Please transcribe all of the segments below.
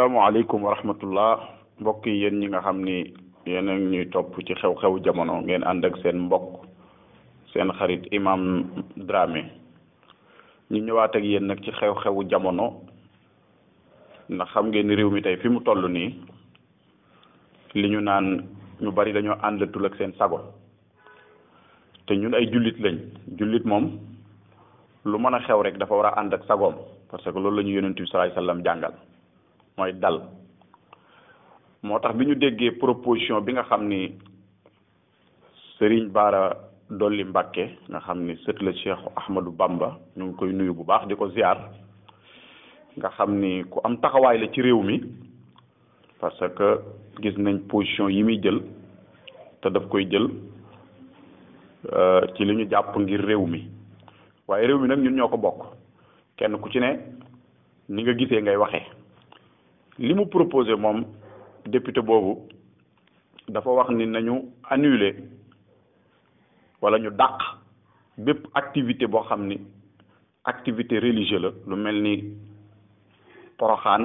asalaamaaleykum wa mbokk yi yéen ñi nga xam ni yéen ñuy topp ci xew-xew jamono ngeen ànd ak seen mbokk seen xarit imam Dramé ñu ñëwaat ak yéen nag ci xew-xewu jamono ndax xam ngeen ni réew mi tey fi mu toll nii li ñu naan ñu bari dañoo àndatul ak seen sago te ñun ay jullit lañ jullit moom lu mën a xew rek dafa war a ànd ak sagoom parce que loolu la ñu yonent bi sallallahu alayhi jàngal mooy dal moo tax bi ñu déggee proposition bi nga xam ni Serigne Bara Dolly Mbacke nga xam ni sët la Cheikh Ahmadou Bamba ñu ngi koy nuyu bu baax di ko ziar nga xam ni ku am taxawaay la ci réew mi parce que gis nañ position yi muy jël te daf koy jël euh, ci li ñu jàpp ngir réew mi waaye réew mi nag ñun ñoo ko bokk kenn ku ci ne ni nga gisee ngay waxee li mu proposé moom député boobu dafa wax ni nañu annuler wala ñu dàq bépp activité boo xam ni activité religieuse la lu mel ni poroxaan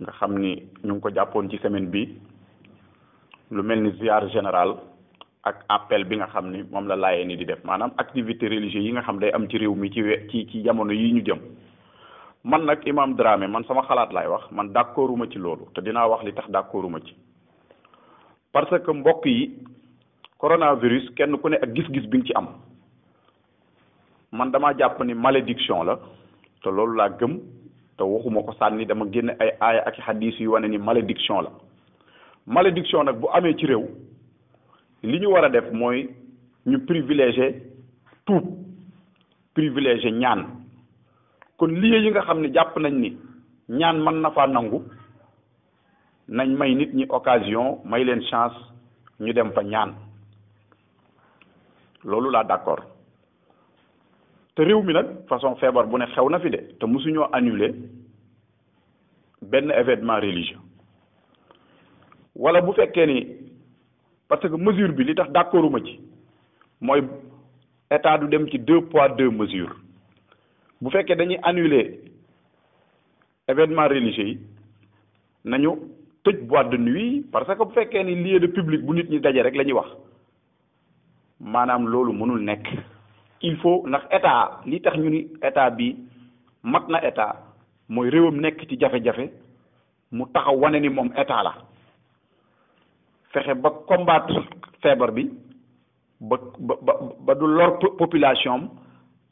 nga xam ni ñu ngi ko jàppoon ci semaine bi lu mel ni ziar général ak appel bi nga xam ni moom la laayee ni di def maanaam activité religieuse yi nga xam day am ci réew mi ci we ci ci jamono yi ñu jëm man nag imam Dramé man sama xalaat laay wax man d'accorduma ci loolu te dinaa wax li tax d'accorduma ci parce que mbokk yi coronavirus kenn ku ne ak gis-gis bi nga ci am man dama jàpp ni malédiction la te loolu laa gëm te waxuma ko sànni dama génn ay aaya ak xadis yu wane ni malédiction la malédiction nag bu amee ci réew li ñu war a def mooy ñu privilégié tuub privilégié ñaan kon lieu yi nga xam ne jàpp nañ ni ñaan man na faa nangu nañ may nit ñi occasion may leen chance ñu dem fa ñaan loolu laa d'accord te réew mi nag façon feebar bu ne xew na fi de te mosuñoo annuler benn événement religieux wala bu fekkee ni parce que mesure bi li tax d'accorduma ci mooy état du dem ci deux poids deux mesures bu fekkee dañuy annuler événement religieux yi nañu tëj boîte de nuit parce que bu fekkee ni lieu de public bu nit ñi daje rek la ñuy wax maanaam loolu mënul nekk il faut ndax état li tax ñu ni état bi mat na état mooy réewam nekk ci jafe-jafe mu taxaw wane ni moom état la fexe ba combattre feebar bi ba ba ba du lor population am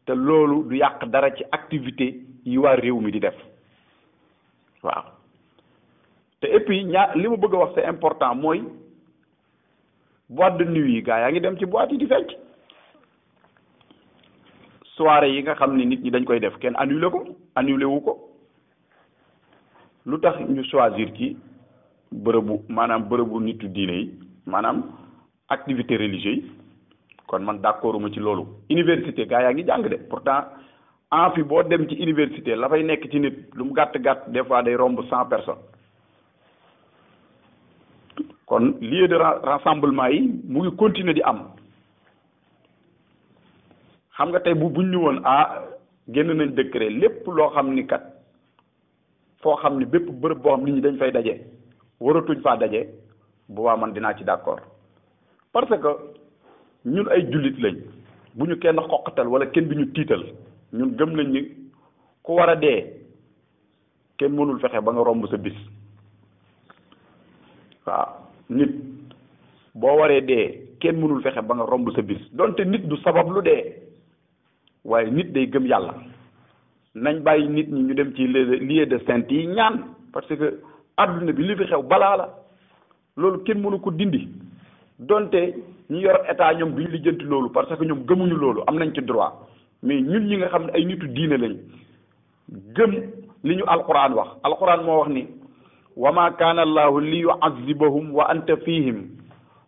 te loolu du yàq dara ci activité yi waa réew mi di def waaw te et puis ñaar li mu bëgg a wax c'est important mooy boîte de nuit yi gaa yaa ngi dem ci boîte yi di fecc soirée yi nga xam ni nit ñi dañ koy def kenn annulé ko annulé wu ko lu tax ñu choisir ci bërëbu maanaam bërëbu nitu diine yi maanaam activité religieuse yi kon man d'accorduma ci loolu université gaa yaa ngi jàng de pourtant en fi boo dem ci université la fay nekk ci nit lu mu gàtt gàtt des fois day romb cent personnes kon lieu de rassemblement yi mu ngi continuer di am xam nga tey bu buñ ñu woon ah génn nañ décret lépp loo xam ni kat foo xam ni bépp bërëb boo xam nit ñi dañ fay daje waratuñ faa daje bu waa man dinaa ci d'accord parce que ñun ay jullit lañ bu ñu kenn xoqatal wala kenn bi ñu tiital ñun gëm nañ ni ku war a dee kenn mënul fexe ba nga romb sa bis waaw nit boo waree dee kenn mënul fexe ba nga romb sa bis donte nit du sabab lu dee waaye nit day gëm yàlla nañ bàyyi nit ñi ñu dem ci lieu de saint yi ñaan parce que àdduna bi li fi xew balaa la loolu kenn mënu ko dindi donte ñu yor état ñoom duñu lijjanti loolu parce que ñoom gëmuñu loolu am nañ ci droit mais ñun ñi nga xam ne ay nitu diine lañ gëm li ñu alquran wax alquran moo wax ni wa ma kaana allahu li yuazibahum wa anta fihim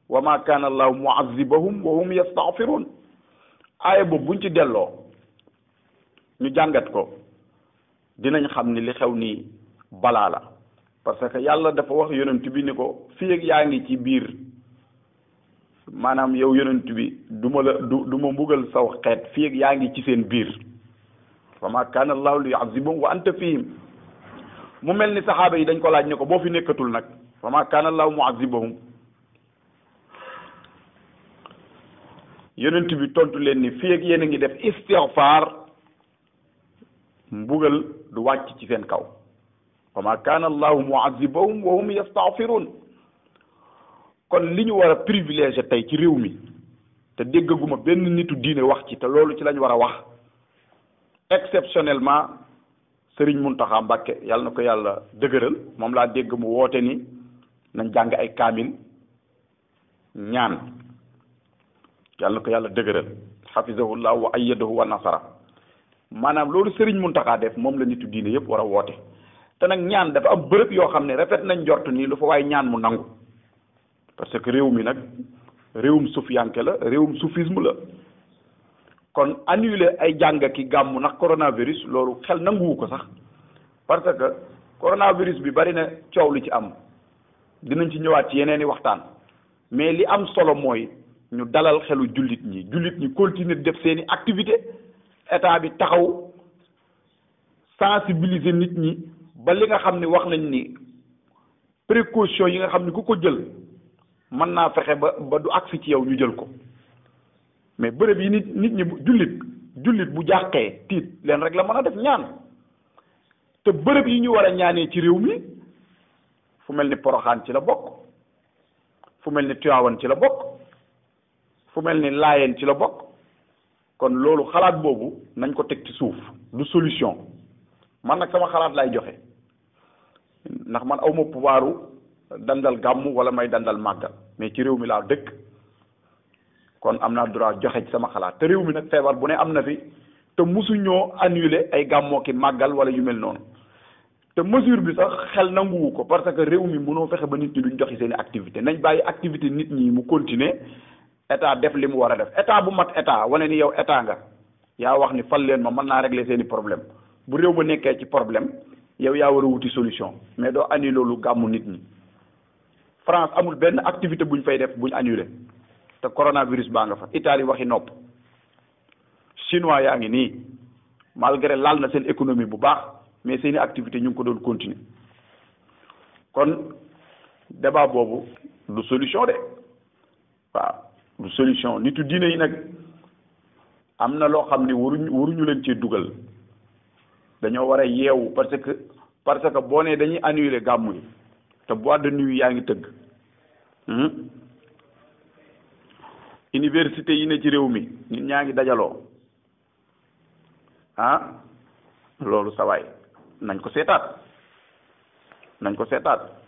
wa ma kaana allahu muazibahum wa hum yastaghfirun aaya boobu buñ ci delloo ñu jàngat ko dinañ xam ni li xew nii balaa la parce que yàlla dafa wax yonent bi ni ko fii ak yaa ngi ci biir maanaam yow yonent bi du ma la du duma mbugal saw xeet fii ak yaa ngi ci seen biir fa ma kaana allahu li yuazibum wa anta fihim mu mel ni saxaaba yi dañ ko laaj ne ko boo fi nekkatul nag fa ma kaana allahu muazibahum yonent bi tontu leen ni fii ak yéen a ngi def istighfar mbugal du wàcc ci seen kaw fa ma kaana allahu muazibahum wa hum yastaghfiruun kon li ñu war a privilégié tey ci réew mi te déggaguma benn nitu diine wax ci te loolu ci lañ war a wax exceptionnellement Sëriñ Muntaxa Mbàkke yàlla na ko yàlla dëgëral moom laa dégg mu woote ni nañ jàng ay kaamil ñaan yàlla na ko yàlla dëgëral ay wa ayyadahu wa nasara maanaam loolu Sëriñ Muntaxa def moom la nitu diine yëpp war a woote te nag ñaan dafa am bërëb yoo xam ne rafet nañ jort nii lu fa waaye ñaan mu nangu parce que réew mi nag réewum sufiyanke la réewum soufisme la kon annuler ay jàng ki gàmmu nag coronavirus loolu xel nanguwu ko sax parce que coronavirus bi bari na coow lu ci am dinañ ci ñëwaat ci yeneen i waxtaan mais li am solo mooy ñu dalal xelu jullit ñi jullit ñi continuer def seen i activité état bi taxaw sensibiliser nit ñi ba li nga xam ne wax nañ ni précaution yi nga xam ne ku ko jël mën naa fexe ba ba du agsi ci yow ñu jël ko mais bërëb yi nit nit ñi jullit jullit bu jàqee tiit leen rek la mën a def ñaan te bërëb yi ñu war a ñaanee ci réew mi fu mel ni poroxaan ci la bokk fu mel ni tuyaawan ci la bokk fu mel ni laayeen ci la bokk kon loolu xalaat boobu nañ ko teg ci suuf du solution man nag sama xalaat lay joxe ndax man awma waaru dandal gàmmu wala may dandal màggal mais ci réew mi laa dëkk kon am naa droit joxe ci sama xalaat te réew mi nag feebar bu ne am na fi te mosuñoo annuler ay gàmmoo ki màggal wala yu mel noonu te mesure bi sax xel nanguwu ko parce que réew mi noo fexe ba nit ñi duñ joxe seen i activité nañ bàyyi activité nit ñi mu continuer état def li mu war a def état bu mat état wane ni yow état nga yaa wax ni fal leen ma mën naa régler seen i problème bu réew ba nekkee ci problème yow yaa war a wuti solution mais doo annuler lu gàmmu nit ñi France amul benn activité buñ fay def buñ annulé te coronavirus baa nga fa Italie waxi nopp chinois yaa ngi nii malgré laal na seen économie bu baax mais seeni activité ñu ngi ko doon continuer kon débat boobu du solution de waaw du solution nitu diine yi nag am na loo xam ne waruñ waruñu leen ci dugal dañoo war a yeewu parce que parce que boo nee dañuy annuler gàmmu yi te boîte de nuit yaa ngi tëgg hmm? université yi ne ci réew mi ñun ñaa ngi dajaloo ah loolu saway nañ ko seetaat nañ ko seetaat